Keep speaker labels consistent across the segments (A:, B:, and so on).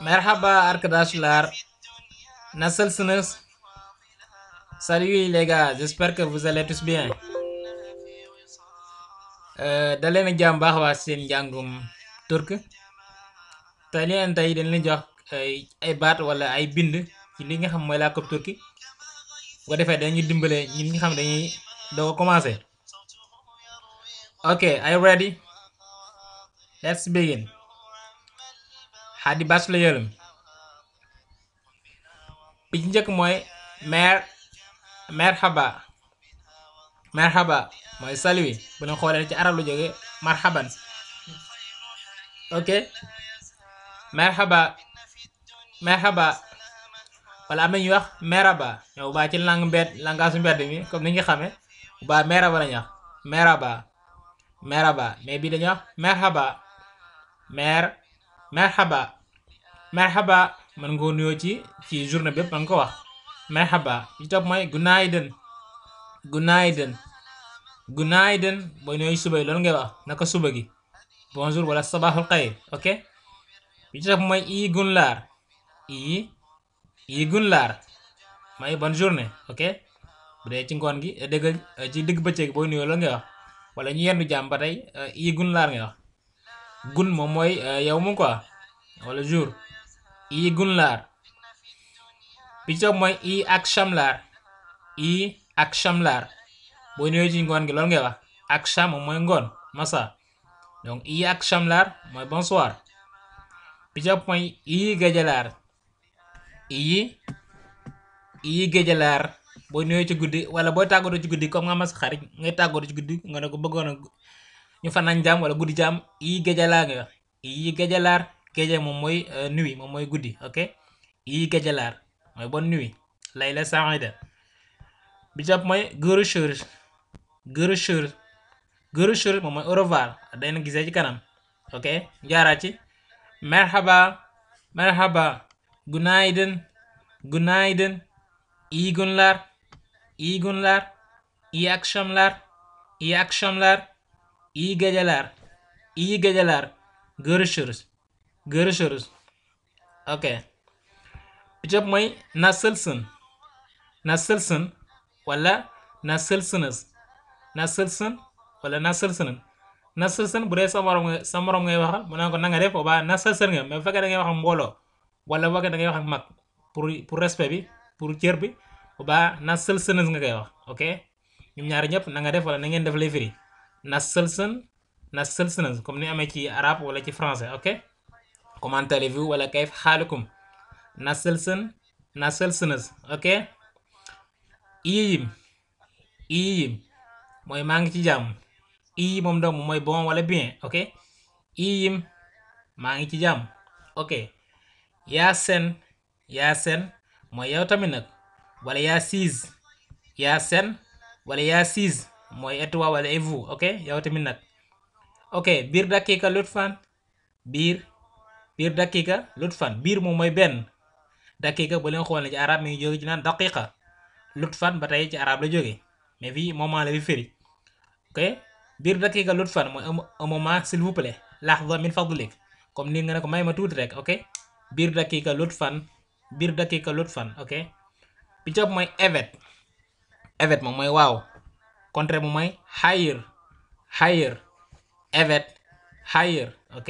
A: Merhaba arkadaşlar. Nasılsınız? Salut les gars, j'espère que vous allez tous bien. Euh, daleen a jàmm baax waa seen njàngum turc tey leen tey dañ jox ay baat wala ay bind li nga xam mooy làkk turki bu ko defee dañuy dimbale ñi nga xam dañuy doo commencé. ok are ready? let's begin. xaddi baasu la yërëm bi ci njëkk mooy mer merhaba merhaba mooy salwi bu ñu xoolee ci arab lu jóge marhaban ok merhaba merhaba wala am na ñuy wax meraba ñoo baa ci lang mbedd langaasu mbedd mi comme ni nga xame baa meraba lañuy wax meraba meraba mais bii dañuy wax merhaba mer merhaba marhaba man nga nuyoo ci ci journée bépp mën nga ko wax marhaba li topp mooy gunaayden gunaayden gunaayden booy nuyoo ci suba loolu ngay wax naka suba gi bonjour wala sabaaxul xayr ok li topp mooy i gunlaar i i gunlaar mooy bonne journée ok bu dee ci ngoon gi dëgg ci digg bëccëg booy nuyoo loolu ngay wax wala ñu yendu jàmm ba tey i gunlaar ngay wax gun moom mooy yow mu quoi wala jour i gunlaar bi ci topp mooy i ak shamlaar i ak shamlaar boo ñëwee ci ngoon gi loolu ngay wax ak sham mooy ngoon masa donc i ak shamlaar mooy bonsoir bi ci topp mooy i gajalaar i i gajalaar boo ñëwee ci guddi wala boo tàggatoo ci guddi comme nga mas xarit ngay tàggatoo ci guddi nga ne ko bëggoon a ñu fanaan jàmm wala guddi jàmm i gajalaar nga wax i gajalaar géeje moom mooy euh, nuit moom mooy guddi ok yi géejalaar mooy bonne nuit layla saida bi jàpp mooy görëchër gërëchër gërëchër moom mooy au day na gisee ci kanam ok jaaraat ci merhaba merhaba gunaydın gunaydın iyi günler iyi günler iyi akşamlar iyi akşamlar iyi geceler iyi geceler görüşürüz Görüşürüz. Okay. Cevap may nasılsın? Nasılsın? Valla nasılsınız? Nasılsın? Wala nasılsın? Nasılsın bu dee sa morom nga sa morom ngay waxal mu ne ko na nga def o baa nasılsën nga mais bu fekkee da ngay wax ak mbooloo wala bu fekkee nga ngay wax mag pour pour respect bi pour cër bi o baa nasılsınız nga koy wax ok ñoom ñaari ñëpp na nga def wala na ngeen def lay firi nasılsın nasılsınız comme ni amee ci arabe wala ci français ok Comment allez-vous? Wala kayf halukum? Nasılsın? Nasılsınız? Okay? iyiyim iyiyim mooy maa ngi ci jàmm iyiyim moom doomu mooy bon wala bien ok iyiyim maa ngi ci jàmm ok yaa sen yaa sen mooy yow tamit nag wala yaa siis yaa sen wala yaa siis mooy et wala et ok yow tamit nag ok bir dakika lutfan bir biir daqiqa lutfan biir moom mooy benn daqiqa bu leen xool ne ci arab mi ngi jóge ci naan daqiqa lutfan ba tey ci arab la jóge mais fii moment la fi firi ok biir daqiqa lutfan mooy un moment s'il vous plaît lahza min comme nii nga ne ko may ma tuuti rek ok biir daqiqa lutfan biir daqiqa lutfan ok bi ci mooy evet evet moom mooy waaw contraire moom mooy hayr hayr evet hayr ok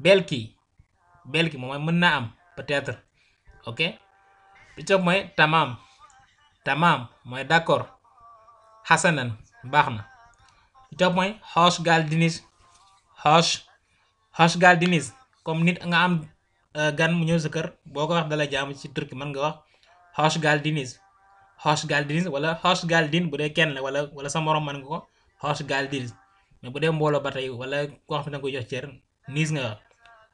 A: belki bel ki moom mën naa am peut-être ok bi ci mooy tamaam tamaam mooy d'accord xasanan baax na bi ci mooy xoos gaal dinis xoos xoos gaal dinis comme nit nga am euh, gan mu ñëw sa kër boo ko wax dala jaamu ci turki mën nga wax xoos gaal dinis xoos gaal wala xoos gaal din bu dee kenn la wala wala sa morom mën nga ko xoos gaal dinis mais bu dee mbooloo ba tey wala koo xam ne koy jox cër niis nga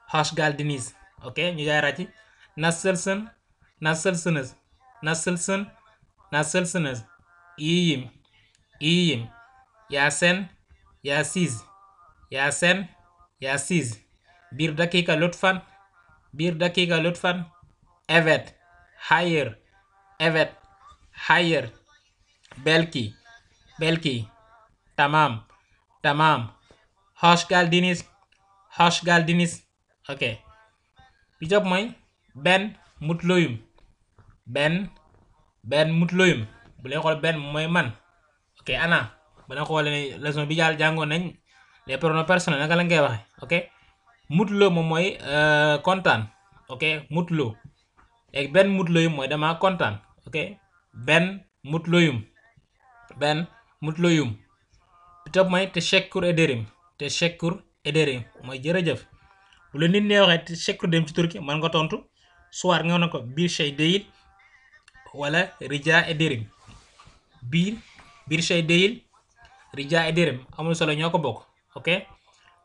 A: Hoşgal Deniz. Okay, ñu jaay raati. Nasılsın? Nasılsınız? Nasılsın? Nasılsınız? İyiyim. İyiyim. Ya sen? Ya siz? Evet. Hayır. Evet. Hayır. Belki. Belki. Tamam. Tamam. Hoş geldiniz. Hoş ok bi jàpp mooy benn mutloyum benn benn mutloyum bu leen xool benn mooy man ok ana ba leen xoolee ne bi jaal jàngoon nañ les pronoms personnels naka la ngay waxee ok mutlo moom mooy euh, kontaan ok mutlo léegi benn mutloyum mooy dama kontaan ok benn mutloyum benn mutloyum bi topp mooy te shekkur ederim te shekkur ederim mooy jërëjëf bu la nit nee waxee chekku dem ci turki mën nga tontu suwaar nga ne ko bir shay deyil wala rija e dërëm biir bir shay deyil rija e amul solo ñoo ko bokk ok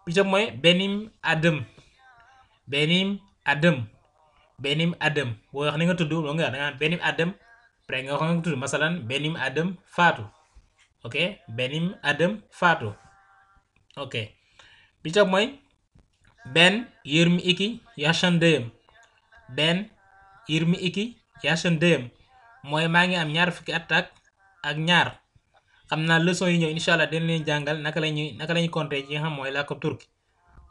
A: bi ca mooy benim adım benim adım benim adım boo wax ni nga tudd loolu nga wax da nga benim adım après wax nga tudd masalan benim adım faatu ok benim adım faatu ok bi ca Ben 22 yaşındayım. Ben 22 yaşındayım mooy maa ngi am ñaar fukki at ak ñaar xam naa leçon yi ñëw incha allah dina leen jàngal naka la ñuy naka la ñuy compter ci nga xam mooy làkku turki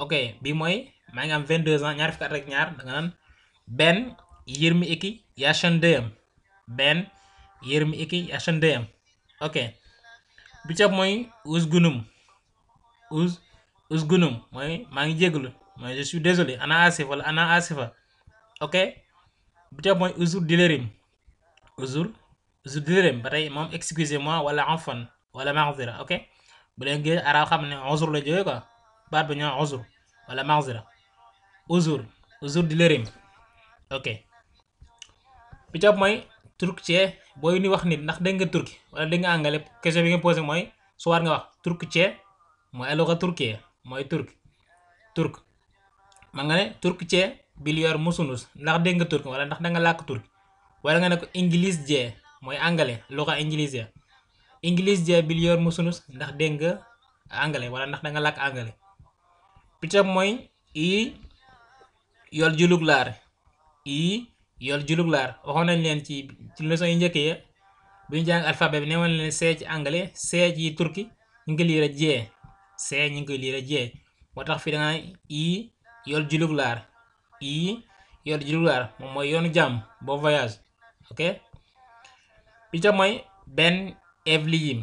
A: ok bi mooy maa ngi am 22 ans ñaar fukki at ak ñaar da nga naan ben 22 yaşındayım ben 22 yaşındayım ok bi ca mooy uzgunum uz uzgunum mooy maa ngi jégalu mooy je suis désolé ana asif wala ana asifa ok bu tey mooy uzur dilerim uzur uzur dilerim ba tey moom excusez moi wala afwan wala maxzira ok bu leen gën arab xam ne uzur la jógee quoi baat bi ñoo uzur wala maxzira uzur uzur dilerim ok bi mooy turkcee booy ni ndax dégg nga turki wala mooy su war nga wax turkcee mooy aloxa turkiye mooy turk ma nga ne turkçe biliyor musunuz ndax dégg nga turk wala ndax danga nga làkk turk wala nga ne ko ingilizce mooy anglais luxa ingilizce ingilizce biliyor musunuz ndax dégg nga anglais wala ndax danga nga làkk anglais pitap mooy i yol juluglaar i yol juluglaar waxoon nañ leen ci ci leçon yi njëkk ya bu ñu jàng alphabet bi ne woon leen see ci anglais see ci turki ñu ngi ko liir a jee see ñu ngi koy liir a jee moo tax fi da i yool julug laar i yool moom mooy yoonu jàmm boo voyage ok bi mooy benn evliyim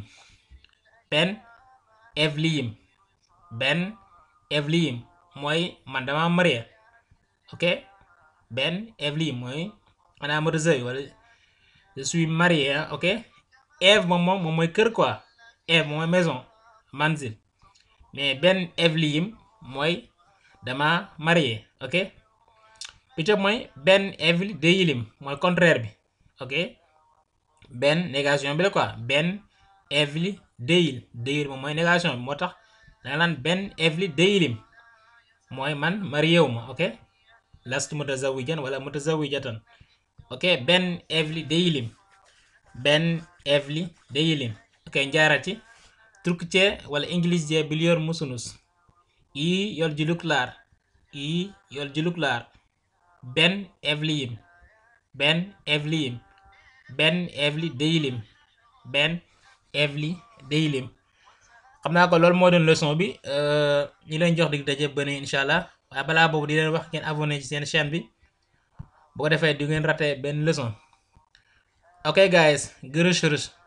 A: benn evliyim benn evliyim mooy man dama marié ok benn evliyim mooy maanaam rësëy wala je suis marié ok Ève moom moom mooy kër quoi Ève moom mooy maison manzil mais benn evliyim mooy dama marié ok picc mooy benn evil de mooy contraire bi ok benn négation bi la quoi benn evil de yil de moom mooy négation bi moo tax danga naan benn evil de mooy man marié wu ma ok lastu mutazawijan wala mutazawijatan ok benn evli de benn evli de yilim ok njaarati Türkçe wala İngilizce biliyor musunuz i yolculuklar i yolculuklar ben evliyim ben evliyim benn evli değilim benn evli değilim xam naa ko loolu moo doon leçon bi euh, ñu leen jox dig daje bëne incha allah waaye balaa boobu di leen wax kenn abonné ci seen chaîne bi bu ko defee du ngeen raté benn leçon ok guys gërës gërës